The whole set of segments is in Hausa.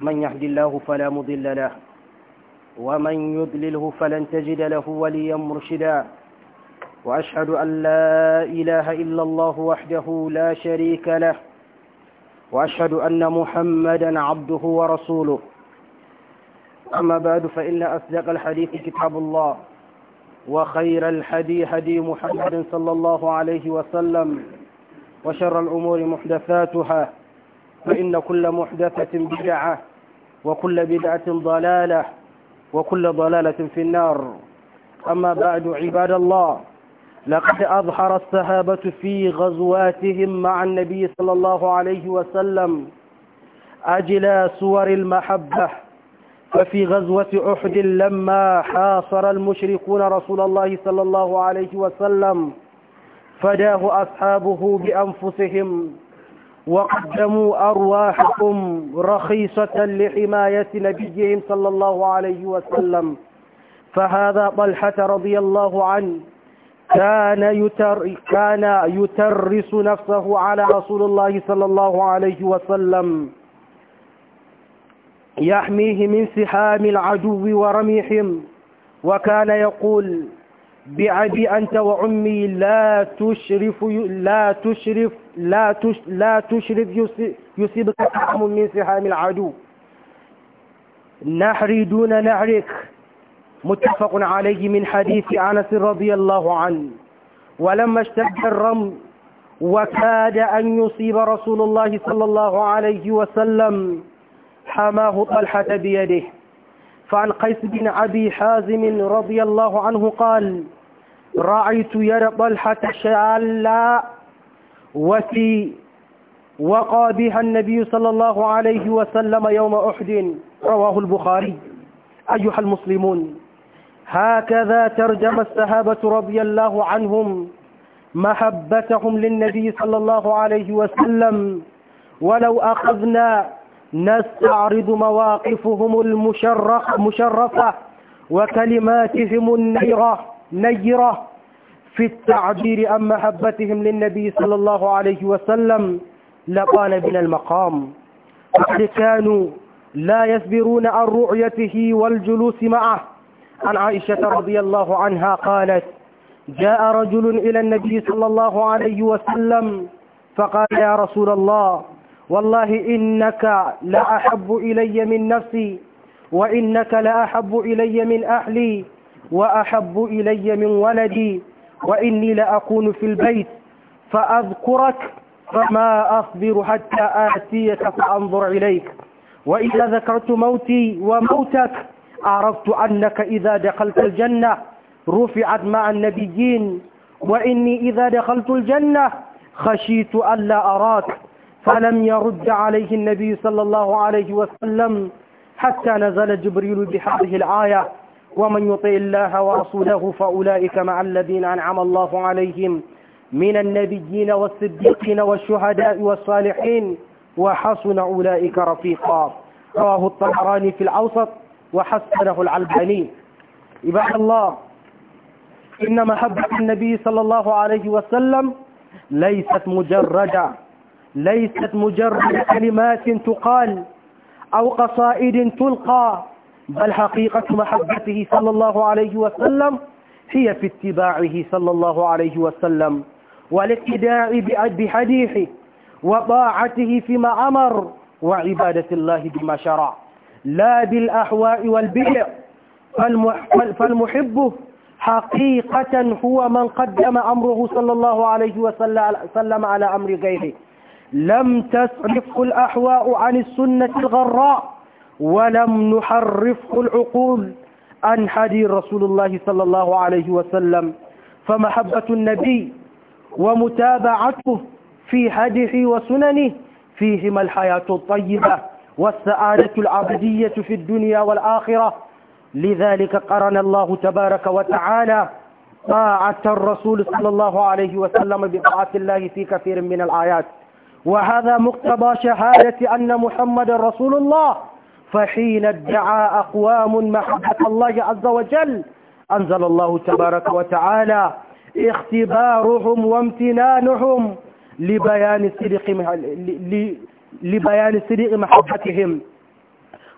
من يهد الله فلا مضل له ومن يضلله فلن تجد له وليا مرشدا وأشهد أن لا إله إلا الله وحده لا شريك له وأشهد أن محمدا عبده ورسوله أما بعد فإن أصدق الحديث كتاب الله وخير الحدي هدي محمد صلى الله عليه وسلم وشر الأمور محدثاتها فإن كل محدثة بدعة وكل بدعة ضلالة وكل ضلالة في النار أما بعد عباد الله لقد أظهر الصحابة في غزواتهم مع النبي صلى الله عليه وسلم أجل صور المحبة ففي غزوة أحد لما حاصر المشركون رسول الله صلى الله عليه وسلم فداه أصحابه بأنفسهم وقدموا أرواحكم رخيصة لحماية نبيهم صلى الله عليه وسلم فهذا طلحة رضي الله عنه كان يتر كان يترس نفسه على رسول الله صلى الله عليه وسلم يحميه من سحام العدو ورميحهم وكان يقول بأبي أنت وأمي لا تشرف لا تشرف لا تش لا تشرف يصيبك سهم من سهام العدو نحري دون نحرك متفق عليه من حديث أنس رضي الله عنه ولما اشتد الرمل وكاد أن يصيب رسول الله صلى الله عليه وسلم حماه طلحة بيده فعن قيس بن أبي حازم رضي الله عنه قال رأيت يرى طلحة شالا وفي وقى بها النبي صلى الله عليه وسلم يوم أحد رواه البخاري أيها المسلمون هكذا ترجم الصحابة رضي الله عنهم محبتهم للنبي صلى الله عليه وسلم ولو أخذنا نستعرض مواقفهم المشرفة وكلماتهم النيرة نيرة في التعبير عن محبتهم للنبي صلى الله عليه وسلم لقال من المقام قد كانوا لا يصبرون عن رؤيته والجلوس معه عن عائشة رضي الله عنها قالت جاء رجل إلى النبي صلى الله عليه وسلم فقال يا رسول الله والله إنك لأحب إلي من نفسي وإنك لأحب إلي من أهلي وأحب إلي من ولدي وإني لأكون في البيت فأذكرك فما أصبر حتى آتيك فأنظر إليك وإذا ذكرت موتي وموتك عرفت أنك إذا دخلت الجنة رفعت مع النبيين وإني إذا دخلت الجنة خشيت ألا أراك فلم يرد عليه النبي صلى الله عليه وسلم حتى نزل جبريل بهذه الآية ومن يطع الله ورسوله فأولئك مع الذين أنعم الله عليهم من النبيين والصديقين والشهداء والصالحين وحسن أولئك رفيقا رواه الطبراني في الأوسط وحسنه العلباني عباد الله إن محبة النبي صلى الله عليه وسلم ليست مجردة ليست مجرد كلمات تقال أو قصائد تلقى بل حقيقة محبته صلى الله عليه وسلم هي في اتباعه صلى الله عليه وسلم والاقتداء بحديثه وطاعته فيما أمر وعبادة الله بما شرع لا بالأحواء والبدع فالمحب حقيقة هو من قدم أمره صلى الله عليه وسلم على أمر غيره لم تسرفه الأحواء عن السنة الغراء ولم نحرفه العقول عن حديث رسول الله صلى الله عليه وسلم فمحبة النبي ومتابعته في هديه وسننه فيهما الحياة الطيبة والسعادة العبدية في الدنيا والآخرة لذلك قرن الله تبارك وتعالى طاعة الرسول صلى الله عليه وسلم بطاعة الله في كثير من الآيات وهذا مقتضى شهادة أن محمد رسول الله فحين ادعى أقوام محبة الله عز وجل أنزل الله تبارك وتعالى اختبارهم وامتنانهم لبيان صدق لبيان صدق محبتهم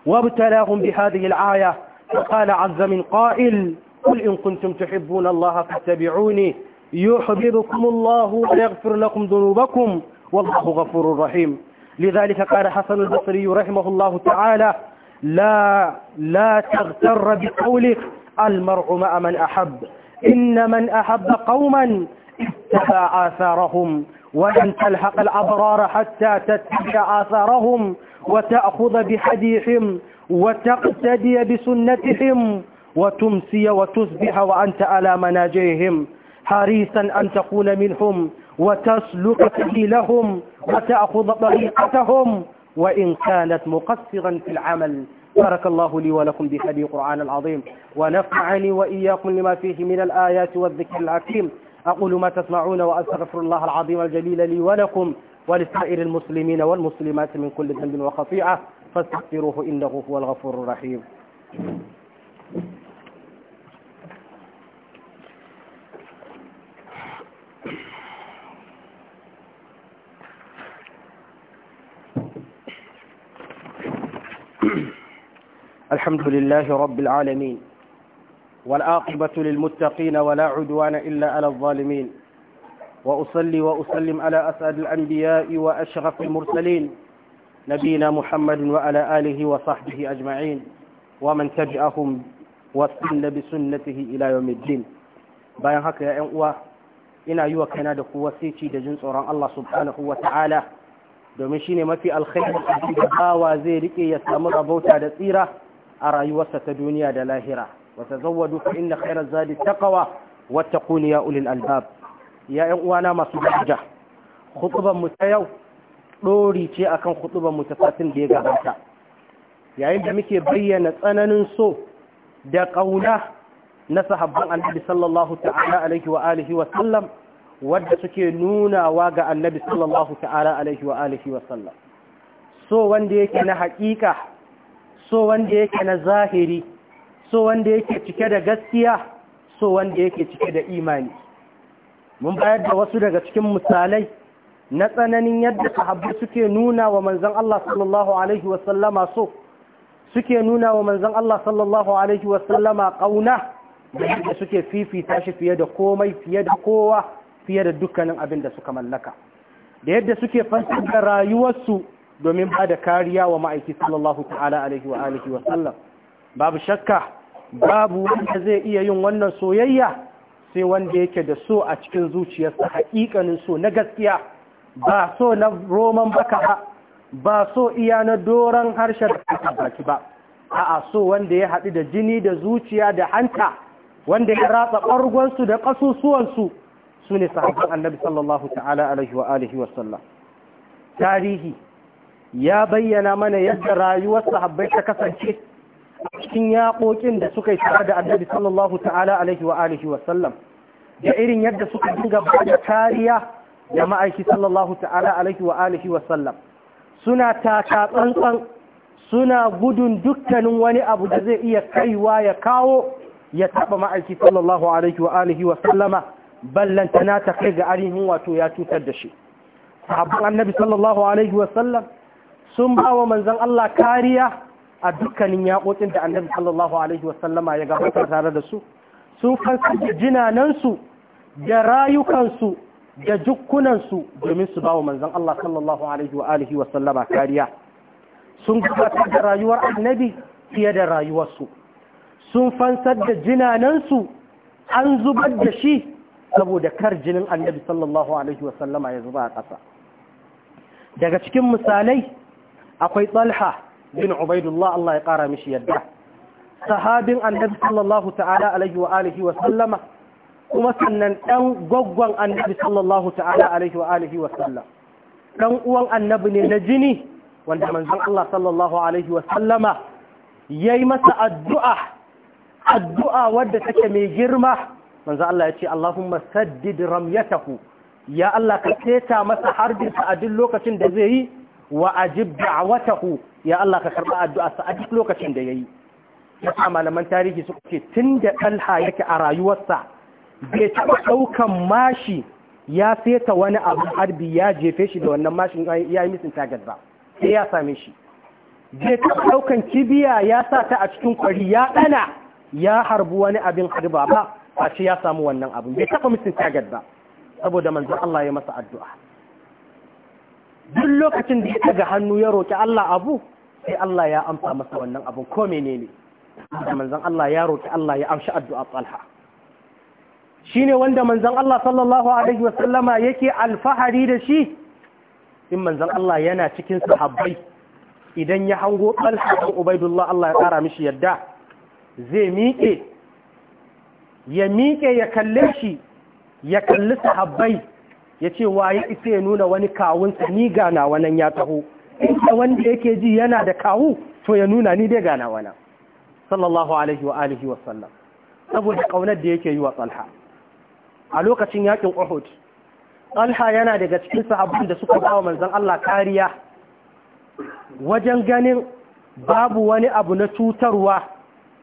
وابتلاهم بهذه الآية فقال عز من قائل قل إن كنتم تحبون الله فاتبعوني يحببكم الله ويغفر لكم ذنوبكم والله غفور رحيم لذلك قال حسن البصري رحمه الله تعالى لا لا تغتر بقولك المرء مع من أحب إن من أحب قوما اتبع آثارهم ولن تلحق الأبرار حتى تتبع آثارهم وتأخذ بحديثهم وتقتدي بسنتهم وتمسي وتصبح وأنت على مناجيهم حريصا أن تكون منهم وتسلك سبيلهم وتأخذ طريقتهم وإن كانت مقصرا في العمل بارك الله لي ولكم بهدي القرآن العظيم ونفعني وإياكم لما فيه من الآيات والذكر الحكيم أقول ما تسمعون وأستغفر الله العظيم الجليل لي ولكم ولسائر المسلمين والمسلمات من كل ذنب وخطيئة فاستغفروه إنه هو الغفور الرحيم الحمد لله رب العالمين والآقبة للمتقين ولا عدوان إلا على الظالمين وأصلي وأسلم على أسعد الأنبياء وأشرف المرسلين نبينا محمد وعلى آله وصحبه أجمعين ومن تبعهم وسن بسنته إلى يوم الدين bayan haka ya ‘yan uwa ina yi wa kaina da kuwa sai da jin tsoron Allah subhanahu wa ta'ala domin shine mafi alkhairi da bawa zai rike ya samu rabauta da tsira a rayuwarsa ta duniya da lahira wa tazawwadu fa inna khayra zadi taqwa wattaquni ya ulil albab ya ƴan uwana masu daraja khutuban mu ta yau dori ce akan khutuban mu ta satin da ya gabata yayin da muke bayyana tsananin so da kauna na sahabban annabi sallallahu ta'ala alaihi wa alihi wa sallam wadda suke nunawa ga annabi sallallahu ta'ala alaihi wa alihi wa sallam so wanda yake na haƙiƙa so wanda yake na zahiri so wanda yake cike da gaskiya so wanda yake cike da imani mun bayar da wasu daga cikin misalai na tsananin yadda sahabbai suke nuna wa manzon Allah sallallahu alaihi wasallama so suke nuna wa manzon Allah sallallahu alaihi wasallama kauna da yadda suke fifita shi fiye da komai fiye da kowa fiye da dukkanin abin da suka mallaka da yadda suke fansar da rayuwarsu domin ba da kariya wa ma'aiki sallallahu ta'ala alaihi wa alihi wa sallam babu shakka babu wanda zai iya yin wannan soyayya sai wanda yake da so a cikin zuciyarsa haƙiƙanin so na gaskiya ba so na roman baka ba ba so iya na doron harshen da baki ba a so wanda ya haɗu da jini da zuciya da hanta wanda ya ratsa ɓargonsu da ƙasusuwansu su ne sahabban annabi sallallahu ta'ala alaihi wa alihi wa sallam tarihi ya bayyana mana yadda rayuwar sahabbai ta kasance a cikin yaƙoƙin da suka yi tare da annabi sallallahu ta'ala alaihi wa alihi wa sallam da irin yadda suka dinga bada da kariya da ma'aiki sallallahu ta'ala alaihi wa alihi wa sallam suna taka tsantsan suna gudun dukkanin wani abu da zai iya kaiwa ya kawo ya taɓa ma'aiki sallallahu alaihi wa alihi wa sallama ballantana ta kai ga arihin wato ya cutar da shi sahabban annabi sallallahu alaihi wa sallam sun ba wa manzan Allah kariya a dukkanin yaƙoƙin da annabi sallallahu alaihi wasallama ya gabatar tare da su sun fansar da jinanansu da rayukansu da jukkunansu domin su ba wa manzan Allah sallallahu alaihi wasallama kariya sun gabatar da rayuwar annabi fiye da rayuwarsu sun fansar da jinanansu an zubar da shi saboda kar jinin annabi sallallahu alaihi wasallama ya zuba a ƙasa daga cikin misalai akwai talha bin ubaidullah Allah ya kara mishi yadda sahabin annabi sallallahu ta'ala alaihi wa alihi wa sallama kuma sannan dan gwaggwan annabi sallallahu ta'ala alaihi wa alihi wa sallam ɗan uwan annabi ne na jini wanda manzon Allah sallallahu alaihi wa sallama yayi masa addu'a addu'a wadda take mai girma manzon Allah ya ce Allahumma saddid ramyatahu ya Allah ka keta masa harbinsa a duk lokacin da zai yi wa ajib da'watahu ya Allah ka karba addu'arsa a duk lokacin da yayi yasa malaman tarihi suka ce tunda Talha yake a rayuwarsa bai taba daukan mashi ya seta wani abu harbi ya jefe shi da wannan mashin ya yi misin tagar ba sai ya same shi bai daukan kibiya ya sa ta a cikin kwari ya dana ya harbi wani abin harba ba a ce ya samu wannan abin bai taba misin tagar ba saboda manzo Allah ya masa addu'a duk lokacin da ya daga hannu ya roƙi Allah abu sai Allah ya amsa masa wannan abun ko menene da manzon Allah ya roƙi Allah ya amshi addu'a Talha shine wanda manzon Allah sallallahu alaihi wasallama yake alfahari da shi in manzon Allah yana cikin sahabbai idan ya hango Talha da Ubaidullah Allah ya kara mishi yadda zai miƙe ya miƙe ya kalle shi ya kalli sahabbai ya ce waye isa ya nuna wani kawunsa ni gana wannan ya taho inda wanda yake ji yana da kawu to ya nuna ni dai gana wannan sallallahu alaihi wa alihi wa sallam saboda kaunar da yake yi wa talha a lokacin yakin uhud tsalha yana daga cikin sahabban da suka bawa manzon Allah kariya wajen ganin babu wani abu na cutarwa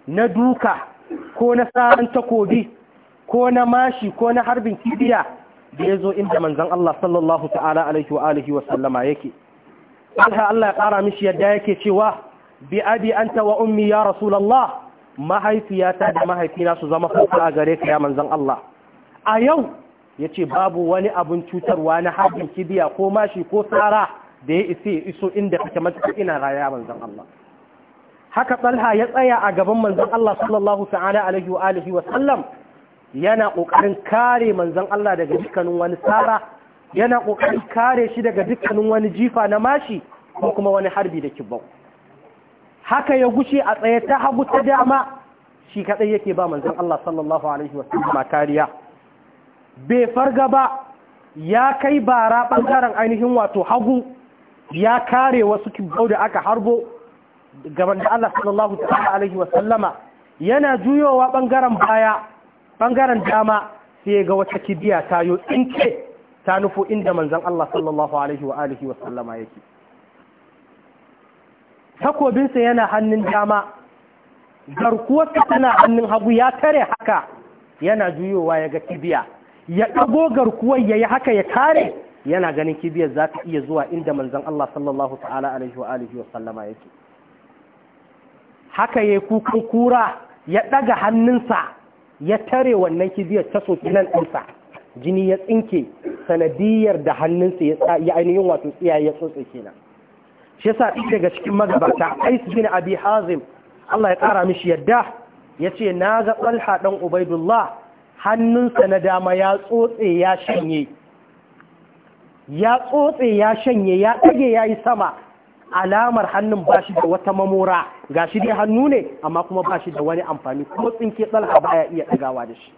na duka ko na sa'an takobi ko na mashi ko na harbin kibiya da ya zo inda manzan Allah sallallahu ta'ala alaihi wa alihi wa sallama yake Allah Allah ya ƙara mishi yadda yake cewa bi abi wa ummi ya rasulallah. mahaifiyata da mahaifina su zama farko a gare ka ya manzan Allah a yau yace babu wani abun cutarwa na haɗin kibiya ko mashi ko tsara da ya ya iso inda kake mata ina raya manzan Allah haka Talha ya tsaya a gaban manzan Allah sallallahu ta'ala alaihi wa alihi wa sallam yana ƙoƙarin kare manzan Allah daga dukkanin wani tsara yana ƙoƙarin kare shi daga dukkanin wani jifa na mashi ko kuma wani harbi da kibbau haka ya gushe a tsaye ta hagu ta dama shi kaɗai yake ba manzan Allah sallallahu alaihi wasallam kariya bai farga ba ya kai bara ɓangaren ainihin wato hagu ya kare wasu kibbau da aka harbo gaban da Allah sallallahu alaihi wasallama yana juyowa ɓangaren baya ɓangaren dama sai ga wata kibiya ta yo ce ta nufo inda manzan Allah sallallahu alaihi wa alihi wa sallama yake takobinsa yana hannun dama garkuwarsa tana hannun hagu ya tare haka yana juyowa ya ga kibiya ya ɗago garkuwar ya yi haka ya tare yana ganin kibiyar za ta iya zuwa inda manzan Allah sallallahu ta'ala alaihi wa alihi wa sallama yake haka ya kukan kura ya ɗaga hannunsa ya tare wannan kibiyar ta soki nan ɗinsa jini ya tsinke sanadiyar da hannunsa ya ainihin wato tsiyaye ya tsotse kenan shi yasa ɗin daga cikin magabata Ais bin Abi Hazim Allah ya ƙara mishi yadda ya ce na ga tsalha ɗan Ubaidullah hannunsa na dama ya tsotse ya shanye ya tsotse ya shanye ya ɗage ya yi sama alamar hannun ba shi da wata mamora ga shi dai hannu ne amma kuma ba shi da wani amfani kuma tsinke tsalha baya iya ɗagawa da shi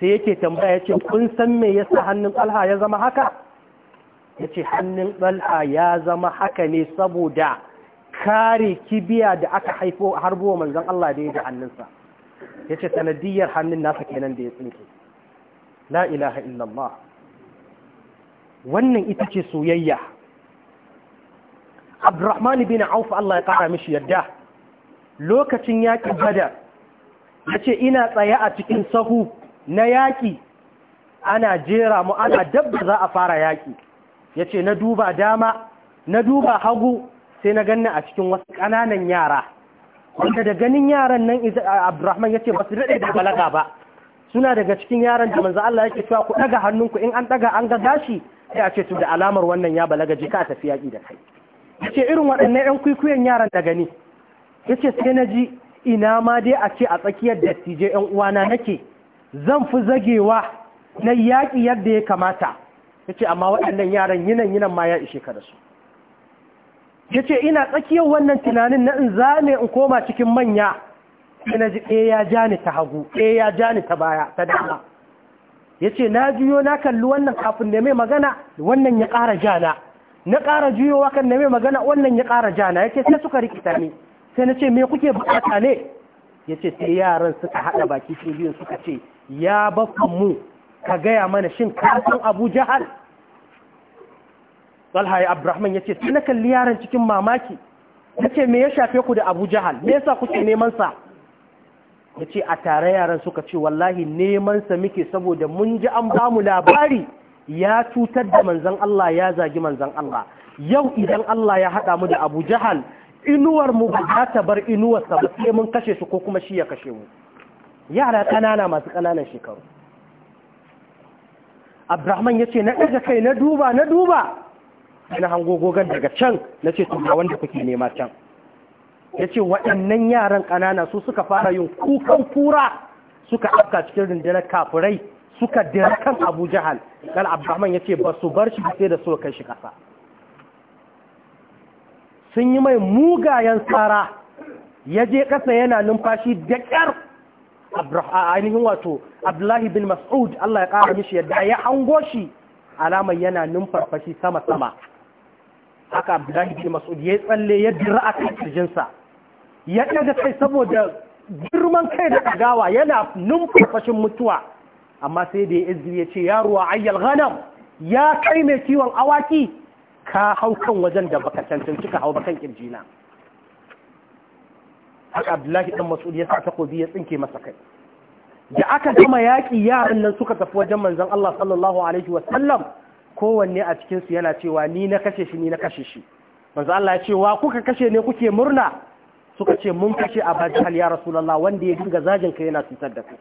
sai yake tambaya ya ce kun san me yasa hannun tsalha ya zama haka ya ce hannun tsalha ya zama haka ne saboda kare kibiya da aka haifo harbo manzan Allah da ya da hannunsa ya ce sanadiyar hannun nasa kenan da ya tsinke la ilaha illallah wannan ita ce soyayya abdurrahman bin auf Allah ya kara mishi yadda lokacin yaƙin badar ya ina tsaye a cikin sahu na yaƙi ana jera mu ana dabba za a fara yaƙi Yace ce na duba dama na duba hagu sai na ganna a cikin wasu ƙananan yara wanda da ganin yaran nan abdurrahman ya ce ba su daɗe da balaga ba suna daga cikin yaran da manzo Allah yake cewa ku ɗaga hannunku in an ɗaga an ga gashi sai a ce to da alamar wannan ya balaga jika tafi yaƙi da kai yace irin waɗannan yan kwikwiyon yaran ni gani yace sai na ji ina ma dai a ce a tsakiyar dattijai yan uwana nake zan fi zagewa na yaƙi yadda ya kamata yace amma waɗannan yaran yinan yinan ma ya ishe ka da su yace ina tsakiyar wannan tunanin na in zame in koma cikin manya sai na ji ɗaya eh, ya ja ni ta hagu ɗaya eh, ya ja ni ta baya ta dama ya ce na juyo na kalli wannan kafin da mai magana wannan ya ƙara jana na ƙara juyowa kan na mai magana wannan ya ƙara jana Ya ce sai suka rikita ne sai na ce me kuke bukata ne ya ce sai yaran suka haɗa baki su biyun suka ce ya baffan mu ka gaya mana shin kasan abu jahal talha ya ya ce sai na kalli yaran cikin mamaki ya ce me ya shafe ku da abu jahal me yasa kuke neman sa ya ce a tare yaran suka ce wallahi neman sa muke saboda mun ji an bamu labari ya cutar da manzan Allah ya zagi manzan Allah yau idan Allah ya haɗa mu da Abu Jahal inuwar mu ba za ta bar inuwarsa ba sai mun kashe su ko kuma shi ya kashe mu yara ƙanana masu ƙananan shekaru abrahman ya ce na ɗaga kai na duba na duba na hango gogon daga can na ce su wanda kuke nema can ya ce waɗannan yaran ƙanana su suka fara yin kukan kura suka afka cikin rundunar kafurai. suka dira kan abu jahal dan abdurrahman ya ce ba su bar shi sai da suka kai shi ƙasa sun yi mai mugayen tsara ya je ƙasa yana numfashi da ƙyar ainihin wato abdullahi bin mas'ud allah ya ƙara mishi yadda ya hango shi alamar yana numfashi sama-sama haka abdullahi bin mas'ud ya tsalle ya dira a kan kirjinsa ya ɗaga kai saboda girman kai da ƙagawa yana numfashin mutuwa amma sai da ya izgiri ya ce ya ruwa ayyal ghanam ya kai mai kiwon awaki ka hau kan wajen da baka cancanci ka hau bakan kirjina haka abdullahi dan mas'ud ya sa takobi ya tsinke masa kai da aka gama yaƙi yaran nan suka tafi wajen manzon Allah sallallahu alaihi wa sallam kowanne a cikin su yana cewa ni na kashe shi ni na kashe shi manzo Allah ya ce wa kuka kashe ne kuke murna suka ce mun kashe Abu Jahl ya Rasulullah wanda ya dinga zajin ka yana cutar da kai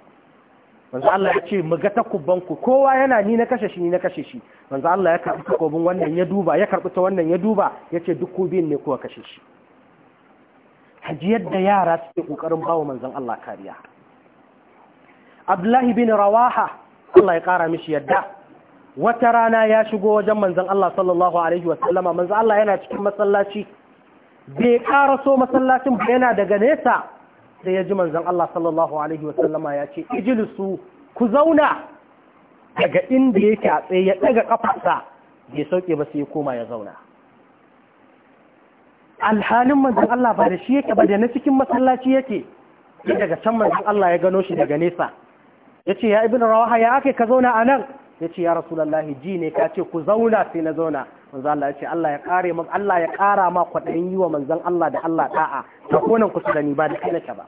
manzo Allah ya ce mu ga takubban ku kowa yana ni na kashe shi ni na kashe shi manzo Allah ya karbi takobin wannan ya duba ya karbi ta wannan ya duba yace duk kubin ne kuwa kashe shi hajiyar da yara suke kokarin bawo manzon Allah kariya Abdullahi bin Rawaha Allah ya kara mishi yadda wata rana ya shigo wajen manzon Allah sallallahu alaihi wa sallama Allah yana cikin masallaci bai karaso masallacin ba yana daga nesa sai ya ji Manzan Allah sallallahu alaihi wasallama ya ce ijilisu ku zauna daga inda yake a tsaye ya daga kafarsa bai sauke ba sai ya koma ya zauna alhalin Manzan Allah ba da shi yake ba da na cikin masallaci yake daga can Manzan Allah ya gano shi daga nesa Ya yace ya da rawaha ya ake ka zauna a nan ya ce ya rasulallahi ji ne ka ce ku zauna sai na zauna manzo Allah ya ce Allah ya kare Allah ya kara ma kwaɗayin yi wa manzon Allah da Allah da'a ta konan ku su gani ba da kai ba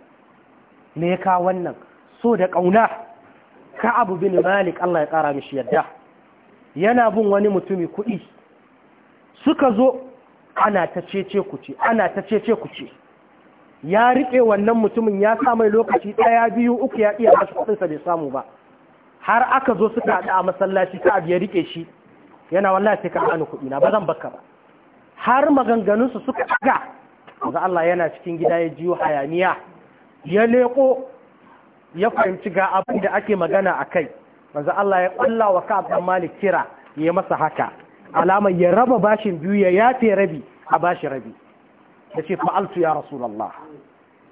me ya kawo wannan so da kauna ka abu bin malik Allah ya kara mishi yadda yana bin wani mutumi kuɗi suka zo ana ta cece ku ce ana ta cece ku ce ya rike wannan mutumin ya sa mai lokaci ɗaya biyu uku ya iya bashi kuɗinsa bai samu ba har aka zo suka haɗu a masallaci ka ya rike shi yana wallahi sai ka bani kuɗi na ba zan baka ba har maganganunsu suka ɗaga daga Allah yana cikin gida ya jiyo hayaniya ya leƙo, ya fahimci ga abin da ake magana a kai manzo Allah ya ƙwalla wa ka dan Malik kira ya masa haka alamar ya raba bashin biyu ya yafe rabi a bashi rabi yace fa'altu ya rasulullah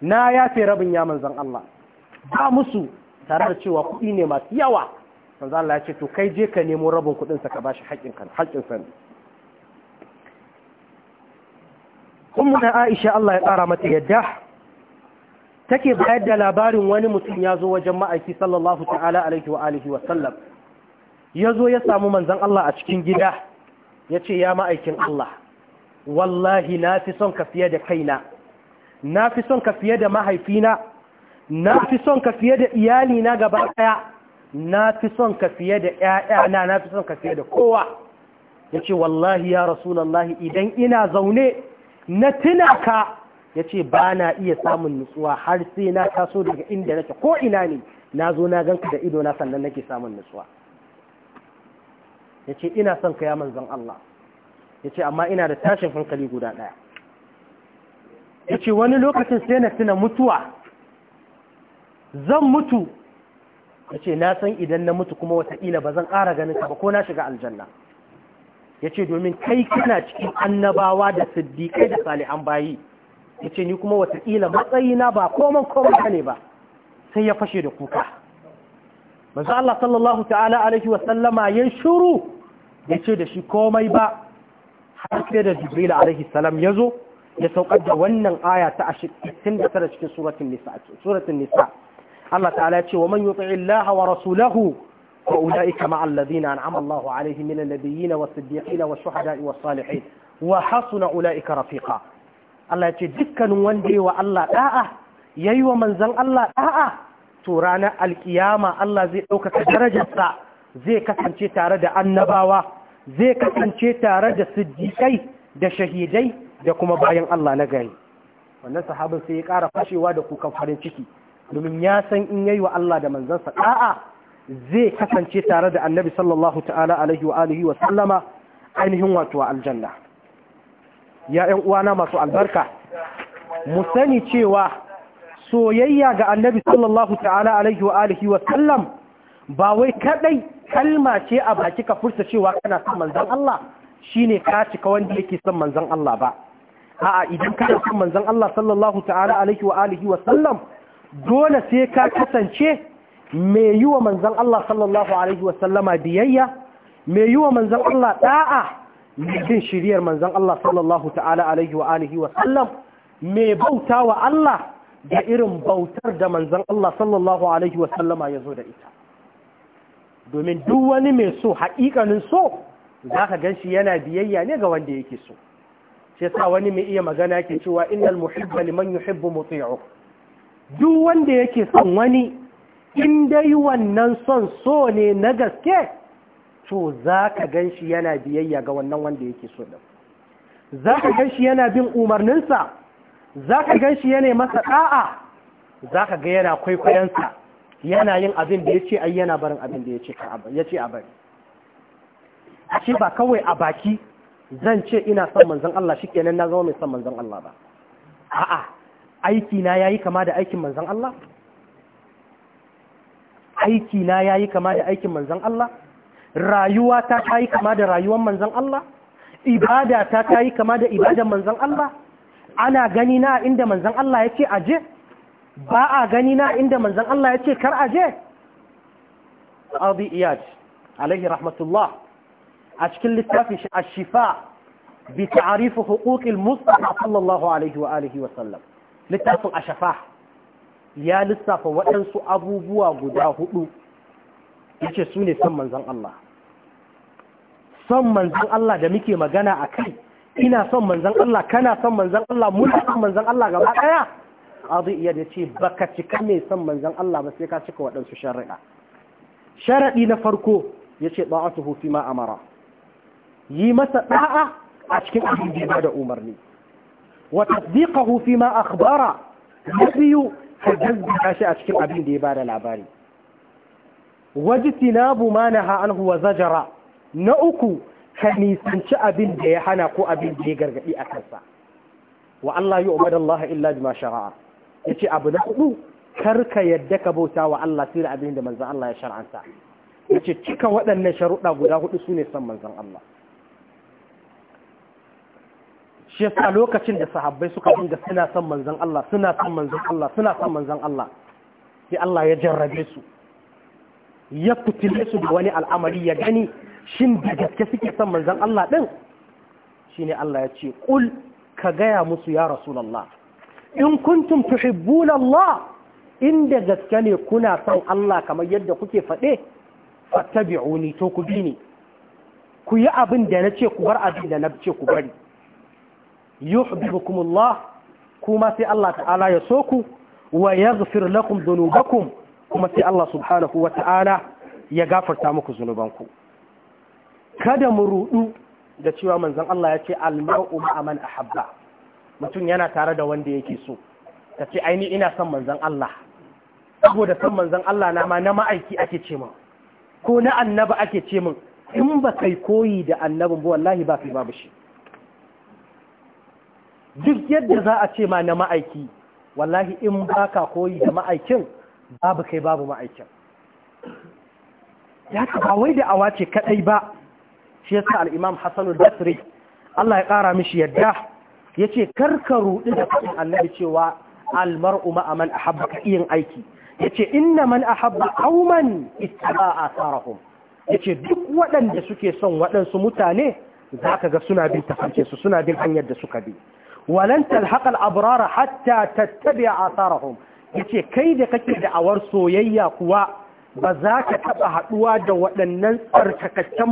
na yafe rabin ya manzan Allah ba musu tare da cewa kuɗi ne masu yawa manzo Allah ya ce to kai je ka nemo rabin kuɗin sa ka bashi haƙƙin kan haƙƙin Aisha Allah ya ƙara mata yadda take bayar da labarin wani mutum ya zo wajen ma'aiki sallallahu ta'ala alaihi wa alihi wa sallam ya zo ya samu manzan Allah a cikin gida ya ce ya ma'aikin Allah wallahi na fi son ka fiye da kaina na fi son ka fiye da mahaifina na fi son ka fiye da iyali na gaba ɗaya na fi son ka fiye da ‘ya'yana na fi son ka fiye da kowa ya ce wallahi ya rasulallah, idan ina zaune na tuna ka ya ce ba na iya samun nutsuwa har sai na taso daga inda nake ko ina ne na zo na ganka da ido na sannan nake samun nutsuwa ya ce ina son ka ya manzan Allah ya ce amma ina da tashin hankali guda ɗaya ya ce wani lokacin sai na tuna mutuwa zan mutu ya ce na san idan na mutu kuma watakila ba zan ƙara ganin ka ba ko na shiga aljanna ya ce domin kai kana cikin annabawa da siddiƙai da salihan bayi ya ce ni kuma wataƙila matsayina ba koman koman ne ba sai ya fashe da kuka manzo Allah sallallahu ta'ala alaihi wa sallama ya shuru ya ce da shi komai ba har sai da Jibril alaihi salam ya zo ya saukar da wannan aya ta da cikin suratun nisa suratun nisa Allah ta'ala ce wa man yuti illaha wa rasulahu fa ulaika ma alladhina an'ama Allahu alaihim min an-nabiyyin was-siddiqin wash-shuhada'i was-salihin wa hasuna ulaika rafiqa Allah ce dukkanin wanda yayi wa Allah da'a yayi wa manzon Allah da'a to ranar alkiyama Allah zai ɗaukaka darajarsa zai kasance tare da annabawa zai kasance tare da siddiƙai da shahidai da kuma bayan Allah na gari wannan sahabin sai ya ƙara fashewa da kukan farin ciki domin ya san in yayi wa Allah da manzansa da'a zai kasance tare da annabi sallallahu ta'ala alaihi wa alihi wa sallama ainihin wato aljanna ya ƴan uwana masu albarka mu sani cewa soyayya ga annabi sallallahu ta'ala alaihi wa alihi wa sallam ba wai kadai kalma ce a baki ka furta cewa kana son manzon Allah shine ka cika wanda yake son manzon Allah ba a'a idan kana son manzon Allah sallallahu ta'ala alaihi wa alihi wa sallam dole sai ka kasance mai yi wa manzan Allah sallallahu Alaihi wasallama biyayya mai yi wa manzan Allah ɗa'a mai bin shiriyar manzan Allah sallallahu ta'ala Alaihi wasallam mai bauta wa Allah da irin bautar da manzan Allah sallallahu Alaihi wasallama ya zo da ita domin duk wani mai so haƙiƙanin so za ka gan shi yana biyayya ne ga wanda yake so sai sa wani mai iya magana ke cewa innal muhibba liman yuhibbu muti'u duk wanda yake son wani in dai wannan son so ne na gaske to za ka gan shi yana biyayya ga wannan wanda yake so ɗin za ka gan shi yana bin umarninsa za ka gan shi yana masa ɗa'a za ka ga yana kwaikwayonsa yana yin abin da ya ce ai yana barin abin da ya ce a bari a ce ba kawai a baki zan ce ina son manzan Allah shi kenan na zama mai son manzan Allah ba a'a Aikina ya yi kama da aikin manzan Allah aiki na yayi kama da aikin manzon Allah rayuwa ta yi kama da rayuwar manzan Allah ibada ta ta yi kama da ibadan manzan Allah ana gani na inda manzan Allah ya ce aje ba a gani na inda manzan Allah ya ce kar aje qadi iyad alaihi rahmatullah a cikin littafin shi a shifa bi ta'rif huquq al-mustafa sallallahu alaihi wa alihi littafin a shafa ya lissafa waɗansu abubuwa guda hudu ya ce su ne son manzan Allah son manzan Allah da muke magana a kai ina son manzan Allah kana son manzan Allah muna son manzan Allah gaba ɗaya azu iya da ce baka cika mai son manzan Allah ba sai ka cika waɗansu shari'a sharaɗi na farko ya ce ɗa'atuhu fi ma amara yi masa ɗa'a a cikin abin da da umarni وتصديقه فيما أخبر نبي فجزب شيء أشكر أبين ديبان العباري واجتناب ما نهى عنه وزجر نأكو كنيسان شاء أبين ديحانا كو أبين ديقر قلي أكسا والله يؤمد الله إلا بما شرع يتي أبو نحبو karka yadda ka bauta wa Allah sai da abin da manzon Allah ya shar'anta yace cika waɗannan sharuɗa guda hudu sune san manzon Allah shi yasa lokacin da sahabbai suka dinga suna son manzon Allah suna son manzon Allah suna son manzon Allah sai Allah ya jarrabe su ya kutile su da wani al'amari ya gani shin da gaske suke son manzon Allah din shine Allah ya ce kul ka gaya musu ya rasulullah in kuntum tuhibbuna Allah inda gaske ne kuna son Allah kamar yadda kuke faɗe fattabi'uni to ku bi ni ku yi abin da na ce ku bar abin da na ce ku bari yuhibbukumullah kuma sai Allah ta'ala ya so ku wa yaghfir lakum dhunubakum kuma sai Allah subhanahu wa ta'ala ya gafarta muku zunubanku kada mu rudu da cewa manzon Allah ya ce almar'u ma'a man ahabba mutum yana tare da wanda yake so ka ce aini ina son manzon Allah saboda son manzon Allah na ma na ma'aiki ake ce min ko na annaba ake ce min in ba kai koyi da annabin ba wallahi ba kai babu shi duk yadda za a ce ma na ma'aiki wallahi in baka koyi da ma'aikin babu kai babu ma'aikin ya ka wai da awa ce kadai ba shi ya sa al'imam Hassan al-Basri Allah ya kara mishi yadda yace karka rudi da fadin annabi cewa al-mar'u ma'a man yin aiki yace inna man a Ya yace duk waɗanda suke son waɗansu mutane za ka ga suna bin su suna bin hanyar da suka bi walan talhaqa al-abrara hatta tattabi'a atharahum yace kai da kake da awar soyayya kuwa ba za ka taɓa haɗuwa da waɗannan tsarkakaccen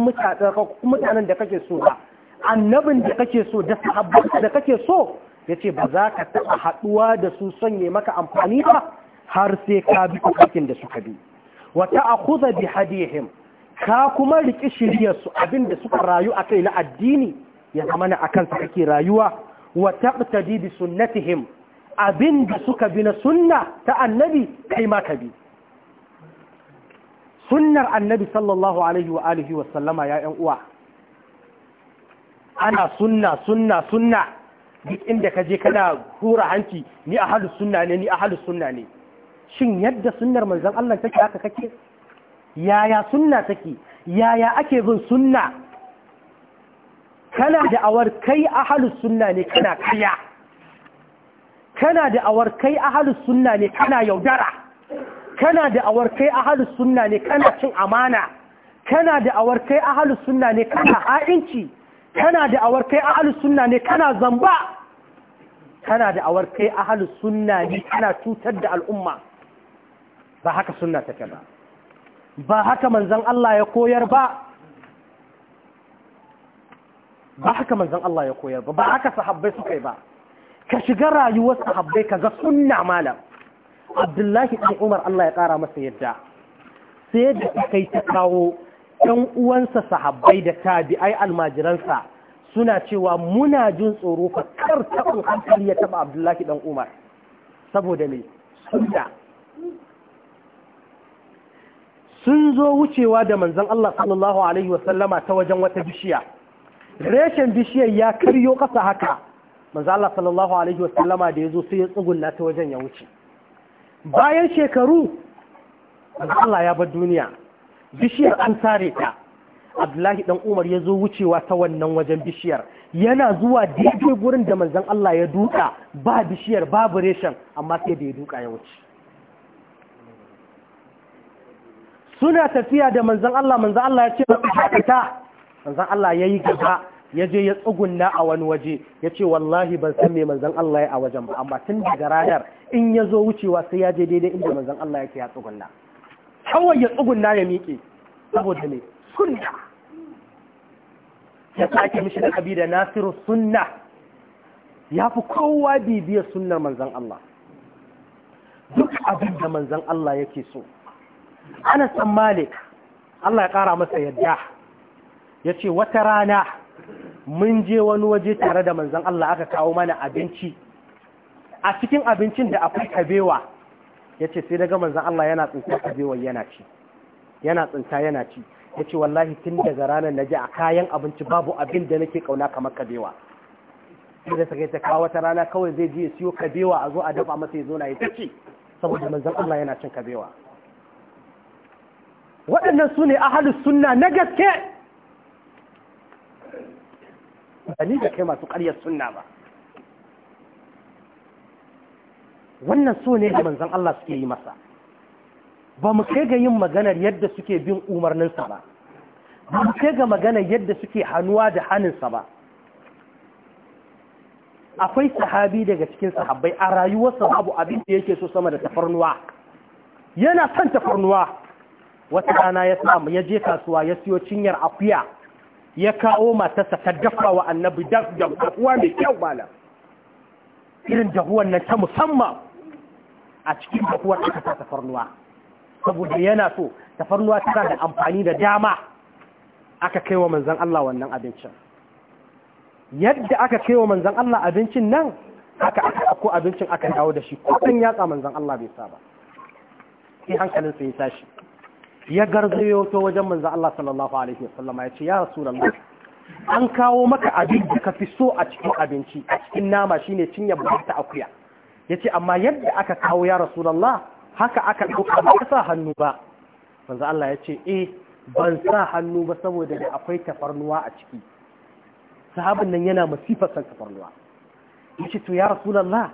mutanen da kake so ba annabin da kake so da sahabbanka da kake so ya ce ba za ka taɓa haɗuwa da su sanye maka amfani ba har sai ka bi kukakin da suka bi wata a kuza bi hadihim ka kuma riƙi shiryarsu abin da suka rayu a kai na addini ya zama na akan kake rayuwa wa taqtadi bi sunnatihim abin da suka bi na sunna ta annabi kai ma ka bi sunnar annabi sallallahu alaihi wa alihi wa sallama ya yan uwa ana sunna sunna sunna duk inda ka je kana hura hanci ni ahlus sunna ne ni ahlus sunna ne shin yadda sunnar manzon Allah take aka kake yaya sunna take yaya ake bin sunna kana da awar kai ahalus sunna ne kana kaya kana da awar kai ahalus sunna ne kana yaudara kana da awar kai ahalus sunna ne kana cin amana kana da awar kai ahalus sunna ne kana ha'inci kana da awar kai ahalus sunna ne kana zamba kana da awar kai ahalus sunna ne kana cutar da al'umma ba haka sunna take ba ba haka manzon Allah ya koyar ba ba haka manzan Allah ya koyar ba ba haka sahabbai suka yi ba ka shiga rayuwar sahabbai ka ga sunna malam Abdullahi ɗan Umar Allah ya ƙara masa yadda sai da kai ta kawo ɗan uwansa sahabbai da tabi'ai almajiransa suna cewa muna jin tsoro fa kar taɓin hankali ya taɓa Abdullahi ɗan Umar saboda me sunna sun zo wucewa da manzon Allah sallallahu alaihi wasallama ta wajen wata bishiya reshen bishiyar ya karyo ƙasa haka manzala sallallahu alaihi wasallama da ya zo sai ya tsugunna ta wajen ya wuce bayan shekaru Allah ya bar duniya bishiyar an tare ta abdullahi dan umar ya zo wucewa ta wannan wajen bishiyar yana zuwa daidai gurin da manzan Allah ya duka ba bishiyar babu reshen amma sai da ya duka ya wuce suna tafiya da manzan Allah manzan Allah ya ce ta manzon Allah ya yi gaba ya je ya tsugunna a wani waje ya ce wallahi ban san me manzan Allah ya a wajen ba amma tun daga ranar in ya zo wucewa sai ya je daidai inda manzan Allah yake ya tsugunna kawai ya tsugunna ya miƙe saboda me sunna ya sake mishi da kabi da nasiru sunna ya fi kowa bibiyar sunnar manzan Allah duk abin da manzon Allah yake so Anas Malik Allah ya ƙara masa yadda ya ce wata rana mun je wani waje tare da manzan Allah aka kawo mana abinci a cikin abincin da akwai kabewa ya ce sai daga manzan Allah yana tsinta kabewa yana ci yana tsinta yana ci ya ce wallahi tun daga ranar na ji a kayan abinci babu abin da nake kauna kamar kabewa sai da sakai ta kawo wata rana kawai zai je ya siyo kabewa a zo a dafa masa ya zo na ya ci saboda manzan Allah yana cin kabewa waɗannan su ne ahalus sunna na gaske ba ni da kai masu ƙaryar sunna ba wannan so ne da manzan Allah suke yi masa ba mu kai ga yin maganar yadda suke bin umarninsa ba ba mu kai ga maganar yadda suke hannuwa da haninsa ba akwai sahabi daga cikin sahabbai a rayuwarsa babu abin da yake so sama da tafarnuwa yana son tafarnuwa wata rana ya samu ya je kasuwa ya siyo cinyar akuya ya kawo matarsa ta dafa wa annabi dafuwa mai kyau bala irin dahuwan nan ta musamman a cikin dahuwar aka ta tafarnuwa saboda yana so tafarnuwa tana da amfani da dama aka kai wa manzan Allah wannan abincin yadda aka kai wa manzan Allah abincin nan aka aka ko abincin aka dawo da shi kudin yatsa manzan Allah bai saba sai hankalinsa ya tashi ya garzayo to wajen manzo Allah sallallahu alaihi wasallam ya ce ya rasulullah an kawo maka abin da kafi so a cikin abinci a cikin nama shine cinye bata akuya yace amma yadda aka kawo ya rasulullah haka aka dauka ba ka sa hannu ba manzo Allah ya ce eh ban sa hannu ba saboda da akwai tafarnuwa a ciki sahabin nan yana masifar san tafarnuwa yace to ya rasulullah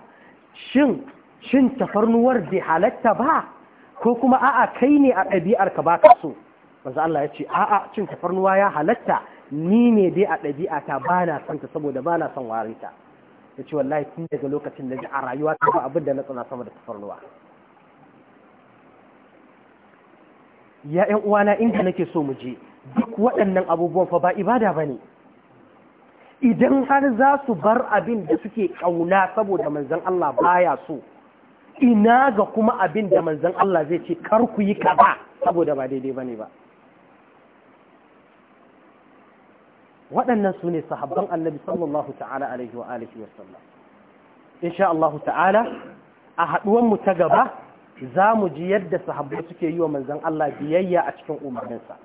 shin shin tafarnuwar bai halatta ba ko kuma a'a kai ne a ɗabi'ar ka baka so manzo Allah ya ce a'a cin tafarnuwa ya halatta ni ne dai a ɗabi'a ta bana son ta saboda na son warinta ce wallahi tun daga lokacin da a rayuwa ta ba abin da na tsana sama da tafarnuwa ya ƴan uwana inda nake so mu je duk waɗannan abubuwan fa ba ibada ba ne. idan har za su bar abin da suke ƙauna saboda manzon Allah baya so ina ga kuma abin da manzan Allah zai ce kar ku yi kaza saboda ba daidai bane ba waɗannan su ne sahabban annabi sallallahu ta'ala alaihi wa alihi wa sallam insha Allah ta'ala a haɗuwan mu ta gaba za mu ji yadda sahabbai suke yi wa manzan Allah biyayya a cikin umarninsa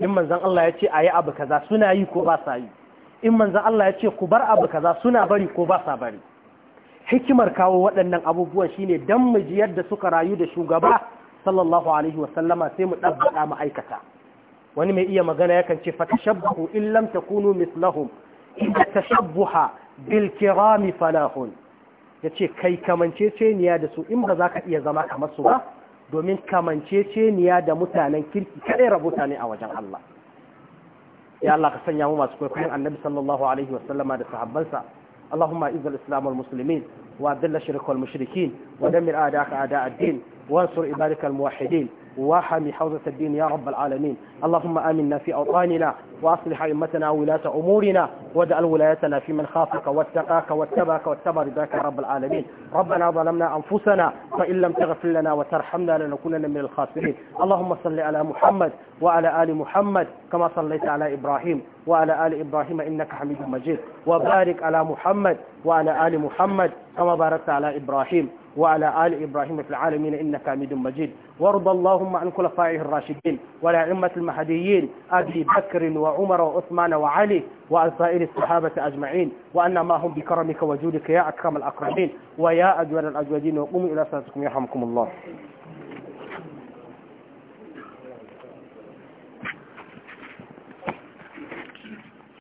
in manzan Allah ya ce a yi abu kaza suna yi ko ba sa yi in manzan Allah ya ce ku bar abu kaza suna bari ko ba sa bari hikimar kawo waɗannan abubuwan shine dan mu ji yadda suka rayu da shugaba sallallahu alaihi wasallama sai mu ɗabbaɗa ma'aikata wani mai iya magana yakan ce fatashabbahu in lam takunu mislahum ta tashabbuha bil kirami falahun yace kai kamanceceniya da su in ba za ka iya zama kamar su ba domin kamanceceniya da mutanen kirki kaɗai ra ne a wajen Allah ya Allah ka sanya mu masu kwaikwayon annabi sallallahu alaihi wasallama da sahabbansa اللهم اعز الاسلام والمسلمين واذل الشرك والمشركين ودمر اعداءك اعداء الدين وانصر عبادك الموحدين وحمي حوزة الدين يا رب العالمين اللهم آمنا في أوطاننا وأصلح أئمتنا ولاة أمورنا واجعل ولايتنا في من خافك واتقاك واتبعك واتبع رضاك يا رب العالمين ربنا ظلمنا أنفسنا فإن لم تغفر لنا وترحمنا لنكونن من الخاسرين اللهم صل على محمد وعلى آل محمد كما صليت على إبراهيم وعلى آل إبراهيم إنك حميد مجيد وبارك على محمد وعلى آل محمد كما باركت على إبراهيم وعلى آل إبراهيم في العالمين إنك حميد مجيد وارض اللهم عن خلفائه الراشدين والأئمة المهديين أبي بكر وعمر وعثمان وعلي وعن الصحابة أجمعين وأن ما هم بكرمك وجودك يا أكرم الأكرمين ويا أجود الأجودين وقوموا إلى صلاتكم يرحمكم الله